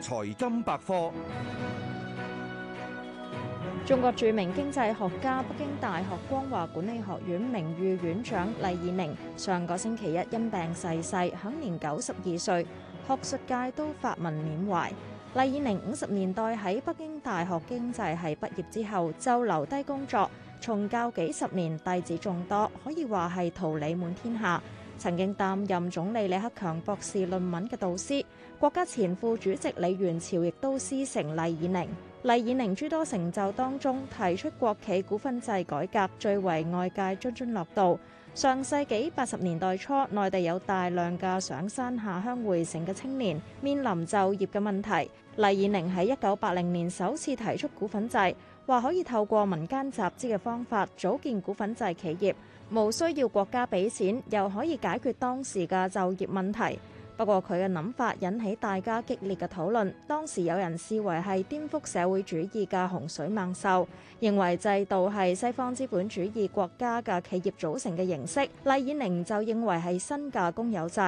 財金百科，中國著名經濟學家、北京大學光華管理學院名譽院長厲以寧上個星期一因病逝世，享年九十二歲。學術界都發文緬懷。厲以寧五十年代喺北京大學經濟系畢業之後就留低工作，從教幾十年，弟子眾多，可以話係桃李滿天下。曾經擔任總理李克強博士論文嘅導師，國家前副主席李源潮亦都師承厲以寧。厲以寧諸多成就當中，提出國企股份制改革，最為外界津津樂道。上世紀八十年代初，內地有大量嘅上山下鄉回城嘅青年，面臨就業嘅問題。厲以寧喺一九八零年首次提出股份制，話可以透過民間集資嘅方法組建股份制企業，無需要國家俾錢，又可以解決當時嘅就業問題。不過佢嘅諗法引起大家激烈嘅討論。當時有人視為係顛覆社會主義嘅洪水猛獸，認為制度係西方資本主義國家嘅企業組成嘅形式。厲以寧就認為係新嘅公有制。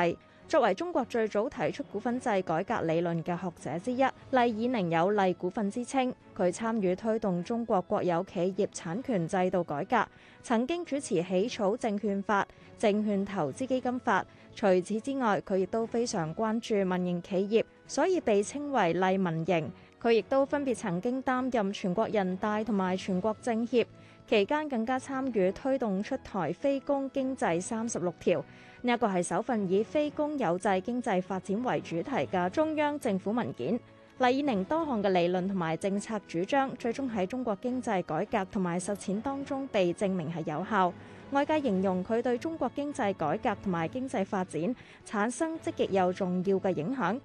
作為中國最早提出股份制改革理論嘅學者之一，厲以寧有厲股份之稱。佢參與推動中國國有企業產權制度改革，曾經主持起草證券法、證券投資基金法。除此之外，佢亦都非常關注民營企業，所以被稱為厲民營。佢亦都分別曾經擔任全國人大同埋全國政協。期間更加參與推動出台《非公經濟三十六條》，呢一個係首份以非公有制經濟發展為主題嘅中央政府文件。厲以寧多項嘅理論同埋政策主張，最終喺中國經濟改革同埋實踐當中被證明係有效。外界形容佢對中國經濟改革同埋經濟發展產生積極又重要嘅影響。